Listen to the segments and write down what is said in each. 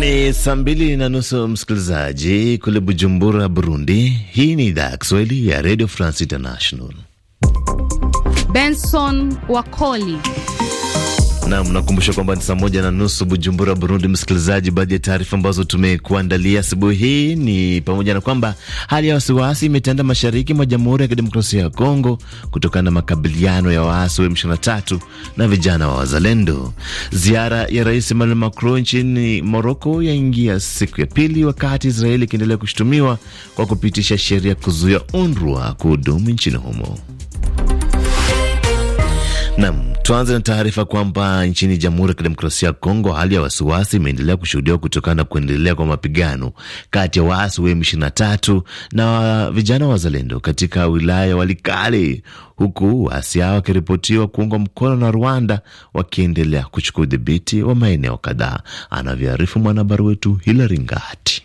Ni saa mbili na nusu msikilizaji kule Bujumbura, Burundi. Hii ni idhaa ya Kiswahili ya Radio France International. Benson Wakoli Nam, nakumbusha kwamba ni saa moja na nusu Bujumbura, Burundi. Msikilizaji, baadhi ya taarifa ambazo tumekuandalia asubuhi hii ni pamoja na kwamba hali ya wasiwasi imetanda mashariki mwa Jamhuri ya Kidemokrasia ya Kongo kutokana na makabiliano ya waasi wa M23 na vijana wa Wazalendo. Ziara ya Rais Emmanuel Macron nchini Moroko yaingia siku ya pili, wakati Israeli ikiendelea kushutumiwa kwa kupitisha sheria kuzuia UNRWA kuhudumu nchini humo. Nam Tuanze na taarifa kwamba nchini Jamhuri ya Kidemokrasia ya Kongo, hali ya wasiwasi imeendelea kushuhudiwa kutokana na kuendelea kwa mapigano kati ya waasi wa M23 na vijana wazalendo katika wilaya ya Walikale, huku waasi hao wakiripotiwa kuungwa mkono na Rwanda wakiendelea kuchukua udhibiti wa maeneo kadhaa, anavyoarifu mwanahabari wetu Hilari Ngati.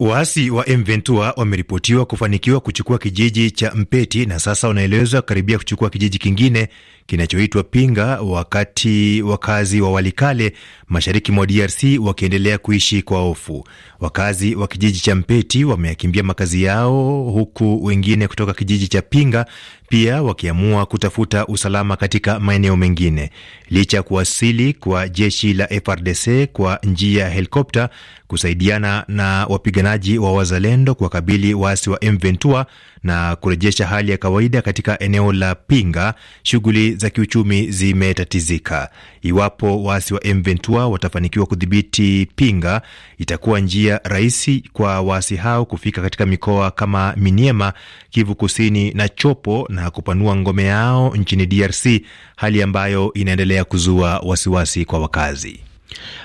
Waasi wa M23 wameripotiwa kufanikiwa kuchukua kijiji cha Mpeti na sasa wanaelezwa karibia kuchukua kijiji kingine kinachoitwa Pinga, wakati wakazi wa Walikale mashariki mwa DRC wakiendelea kuishi kwa hofu. Wakazi wa kijiji cha Mpeti wameyakimbia makazi yao, huku wengine kutoka kijiji cha Pinga pia wakiamua kutafuta usalama katika maeneo mengine. Licha ya kuwasili kwa jeshi la FRDC kwa njia ya helikopta kusaidiana na wapiganaji wa wazalendo kuwakabili waasi wa M23 na kurejesha hali ya kawaida katika eneo la Pinga, shughuli za kiuchumi zimetatizika. Iwapo waasi wa M23 watafanikiwa kudhibiti Pinga, itakuwa njia rahisi kwa waasi hao kufika katika mikoa kama Miniema, Kivu Kusini na Chopo na kupanua ngome yao nchini DRC, hali ambayo inaendelea kuzua wasiwasi kwa wakazi.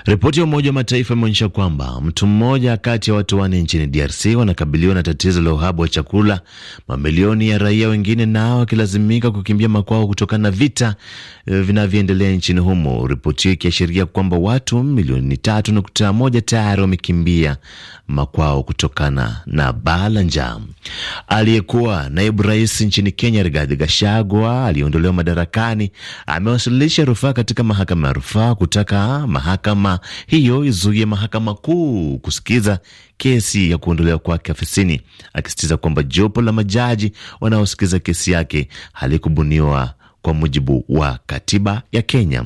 Ripoti ya Umoja wa Mataifa imeonyesha kwamba mtu mmoja kati ya watu wanne nchini DRC wanakabiliwa na tatizo la uhaba wa chakula, mamilioni ya raia wengine nao wakilazimika kukimbia makwao kutokana na vita eh, vinavyoendelea nchini humo, ripoti hiyo ikiashiria kwamba watu milioni tatu nukta moja tayari wamekimbia makwao kutokana na baa la njaa. Aliyekuwa naibu rais nchini Kenya Rigathi Gachagua aliyeondolewa madarakani amewasilisha rufaa katika mahakama ya rufaa kutaka mahakama mahakama hiyo izuie mahakama kuu kusikiza kesi ya kuondolewa kwake afisini, akisitiza kwamba jopo la majaji wanaosikiza kesi yake halikubuniwa kwa mujibu wa katiba ya Kenya.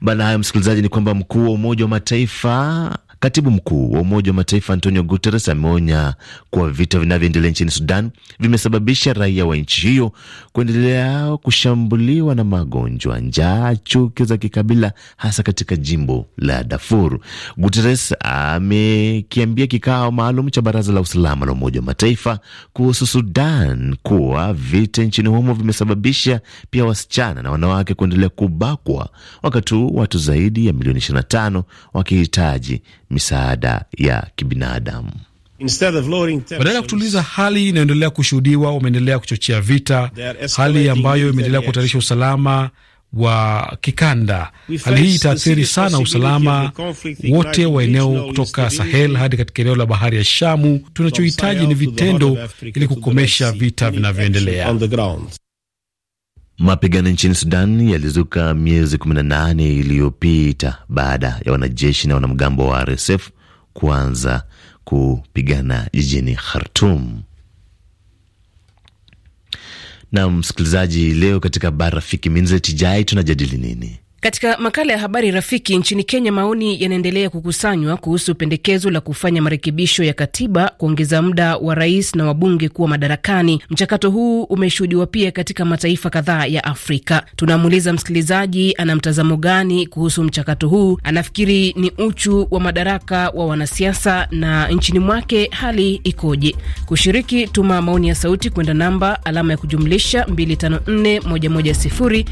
Baada ya hayo, msikilizaji, ni kwamba mkuu wa Umoja wa Mataifa Katibu mkuu wa Umoja wa Mataifa Antonio Guterres ameonya kuwa vita vinavyoendelea nchini Sudan vimesababisha raia wa nchi hiyo kuendelea kushambuliwa na magonjwa, njaa, chuki za kikabila, hasa katika jimbo la Darfur. Guterres amekiambia kikao maalum cha Baraza la Usalama la Umoja wa Mataifa kuhusu Sudan kuwa vita nchini humo vimesababisha pia wasichana na wanawake kuendelea kubakwa, wakati watu zaidi ya milioni 25 wakihitaji misaada ya kibinadamu. Badala ya kutuliza hali inayoendelea kushuhudiwa, wameendelea kuchochea vita, hali ambayo imeendelea kuhatarisha usalama wa kikanda. Hali hii itaathiri sana usalama wote wa eneo kutoka Sahel hadi katika eneo la bahari ya Shamu. Tunachohitaji ni vitendo ili kukomesha vita vinavyoendelea. Mapigano nchini Sudan yalizuka miezi 18 iliyopita baada ya wanajeshi na wanamgambo wa RSF kuanza kupigana jijini Khartum. Na msikilizaji, leo katika Bara Rafiki Minzetijai tunajadili nini? Katika makala ya habari rafiki, nchini Kenya, maoni yanaendelea kukusanywa kuhusu pendekezo la kufanya marekebisho ya katiba kuongeza muda wa rais na wabunge kuwa madarakani. Mchakato huu umeshuhudiwa pia katika mataifa kadhaa ya Afrika. Tunamuuliza msikilizaji ana mtazamo gani kuhusu mchakato huu, anafikiri ni uchu wa madaraka wa wanasiasa na nchini mwake hali ikoje? Kushiriki, tuma maoni ya sauti kwenda namba alama ya kujumlisha 254 110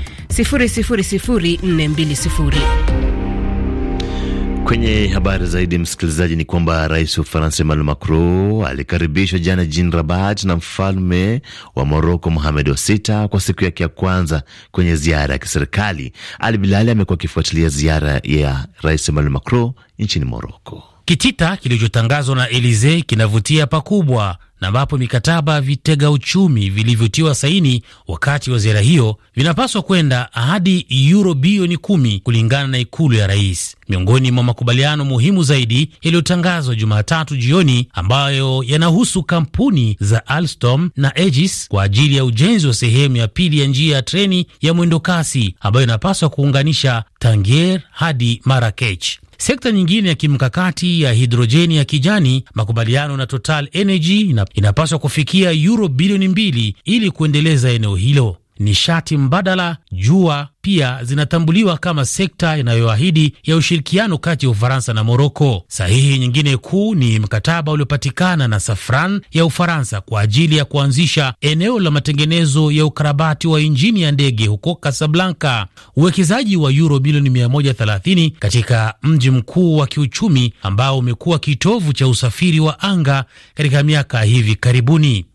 Kwenye habari zaidi, msikilizaji, ni kwamba rais wa Ufaransa Emmanuel Macron alikaribishwa jana jijini Rabat na mfalme wa Moroko Mohamed wa sita kwa siku yake ya kwanza kwenye ziara ya kiserikali. Ali Bilali amekuwa akifuatilia ziara ya rais Emmanuel Macron nchini Moroko. Kitita kilichotangazwa na Elisee kinavutia pakubwa na ambapo mikataba ya vitega uchumi vilivyotiwa saini wakati wa ziara hiyo vinapaswa kwenda hadi yuro bilioni kumi kulingana na ikulu ya rais. Miongoni mwa makubaliano muhimu zaidi yaliyotangazwa Jumatatu jioni ambayo yanahusu kampuni za Alstom na egis kwa ajili ya ujenzi wa sehemu ya pili ya njia ya treni ya mwendokasi ambayo inapaswa kuunganisha Tangier hadi Marakech. Sekta nyingine ya kimkakati ya hidrojeni ya kijani, makubaliano na Total Energy inapaswa kufikia euro bilioni mbili ili kuendeleza eneo hilo nishati mbadala, jua pia zinatambuliwa kama sekta inayoahidi ya ushirikiano kati ya Ufaransa na Moroko. Sahihi nyingine kuu ni mkataba uliopatikana na Safran ya Ufaransa kwa ajili ya kuanzisha eneo la matengenezo ya ukarabati wa injini ya ndege huko Kasablanka. Uwekezaji wa yuro bilioni 130 katika mji mkuu wa kiuchumi ambao umekuwa kitovu cha usafiri wa anga katika miaka hivi karibuni.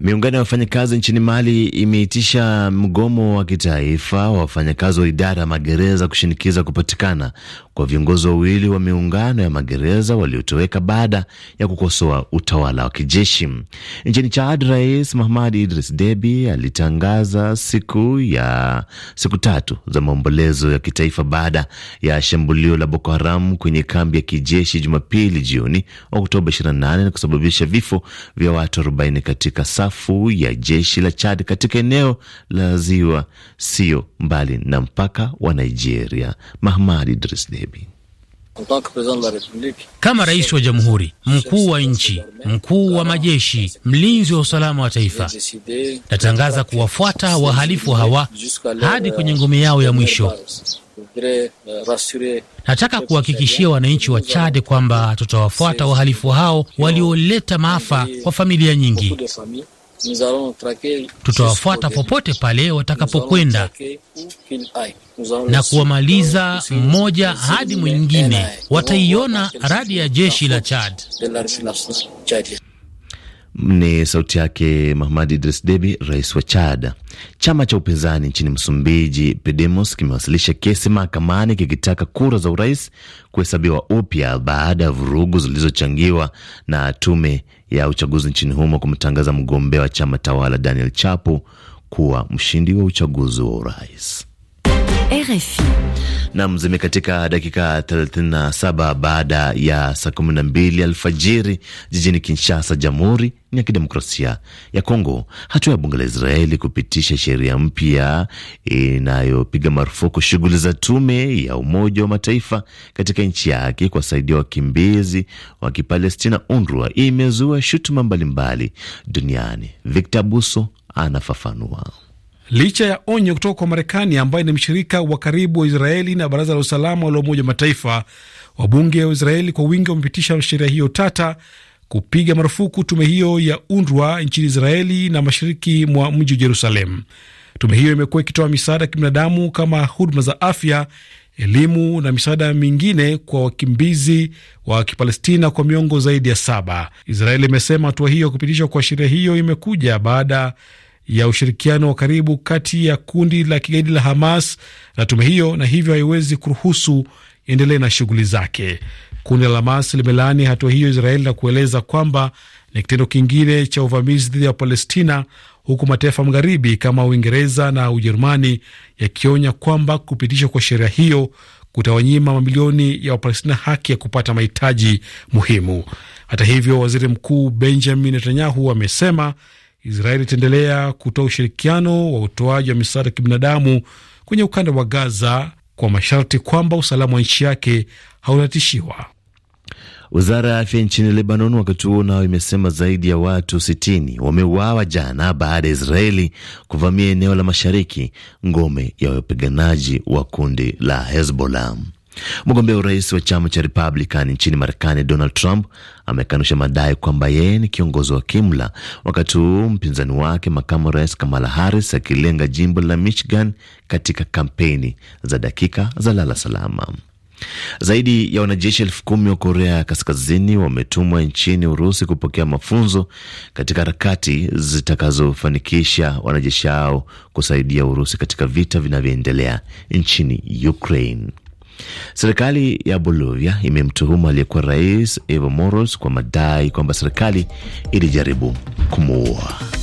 Miungano ya wafanyakazi nchini Mali imeitisha mgomo wa kitaifa wa wafanyakazi wa idara ya magereza kushinikiza kupatikana kwa viongozi wawili wa miungano ya magereza waliotoweka baada ya kukosoa utawala wa kijeshi. Nchini Chad, Rais Mahamad Idris Debi alitangaza siku ya siku tatu za maombolezo ya kitaifa baada ya shambulio la Boko Haram kwenye kambi ya kijeshi Jumapili jioni Oktoba 28 na kusababisha vifo vya watu 40 katika safu ya jeshi la Chad katika eneo la ziwa sio mbali na mpaka wa Nigeria. Mahmad Idris Debi kama rais wa jamhuri, mkuu wa nchi, mkuu wa majeshi, mlinzi wa usalama wa taifa, natangaza kuwafuata wahalifu hawa hadi kwenye ngome yao ya mwisho. Uh, Nataka kuhakikishia wananchi wa Chade kwamba tutawafuata wahalifu hao walioleta maafa kwa familia nyingi. Tutawafuata popote pale watakapokwenda na kuwamaliza mmoja hadi mwingine. Wataiona radi ya jeshi la Chad. Ni sauti yake Mahamad Idris Debi, rais wa Chad. Chama cha upinzani nchini Msumbiji, pedemos kimewasilisha kesi mahakamani kikitaka kura za urais kuhesabiwa upya baada ya vurugu zilizochangiwa na tume ya uchaguzi nchini humo kumtangaza mgombea wa chama tawala Daniel Chapo kuwa mshindi wa uchaguzi wa urais. RFI. Nam zimekatika dakika 37 baada ya saa 12 alfajiri jijini Kinshasa, Jamhuri ya Kidemokrasia ya Kongo. Hatua ya bunge la Israeli kupitisha sheria mpya inayopiga marufuku shughuli za tume ya Umoja wa Mataifa katika nchi yake kuwasaidia wakimbizi wa Kipalestina UNRWA imezua shutuma mbalimbali duniani. Victor Buso anafafanua licha ya onyo kutoka kwa Marekani ambayo ni mshirika wa karibu wa Israeli na baraza la usalama la Umoja Mataifa. Wabunge wa Israeli kwa wingi wamepitisha sheria hiyo tata kupiga marufuku tume hiyo ya UNRWA nchini Israeli na mashariki mwa mji wa Jerusalem. Tume hiyo imekuwa ikitoa misaada ya kibinadamu kama huduma za afya, elimu na misaada mingine kwa wakimbizi wa Kipalestina kwa miongo zaidi ya saba. Israeli imesema hatua hiyo kupitishwa kwa sheria hiyo imekuja baada ya ushirikiano wa karibu kati ya kundi la kigaidi la Hamas na tume hiyo, na hivyo haiwezi kuruhusu endelee na shughuli zake. Kundi la Hamas limelaani hatua hiyo Israeli na kueleza kwamba ni kitendo kingine cha uvamizi dhidi ya Palestina, huku mataifa magharibi kama Uingereza na Ujerumani yakionya kwamba kupitishwa kwa sheria hiyo kutawanyima mamilioni ya Wapalestina haki ya kupata mahitaji muhimu. Hata hivyo, waziri mkuu Benjamin Netanyahu amesema Israeli itaendelea kutoa ushirikiano wa utoaji wa misaada ya kibinadamu kwenye ukanda wa Gaza kwa masharti kwamba usalama wa nchi yake haunatishiwa. Wizara ya afya nchini Lebanon wakati huo nao imesema zaidi ya watu 60 wameuawa jana baada ya Israeli kuvamia eneo la mashariki, ngome ya wapiganaji wa kundi la Hezbollah. Mgombea urais wa chama cha Republican nchini Marekani, Donald Trump amekanusha madai kwamba yeye ni kiongozi wa kimla, wakati huu mpinzani wake makamu rais Kamala Harris akilenga jimbo la Michigan katika kampeni za dakika za lala salama. Zaidi ya wanajeshi elfu kumi wa Korea ya Kaskazini wametumwa nchini Urusi kupokea mafunzo katika harakati zitakazofanikisha wanajeshi hao kusaidia Urusi katika vita vinavyoendelea nchini Ukraine. Serikali ya Bolivia imemtuhumu aliyekuwa rais Evo Morales kwa madai kwamba serikali ilijaribu kumuua.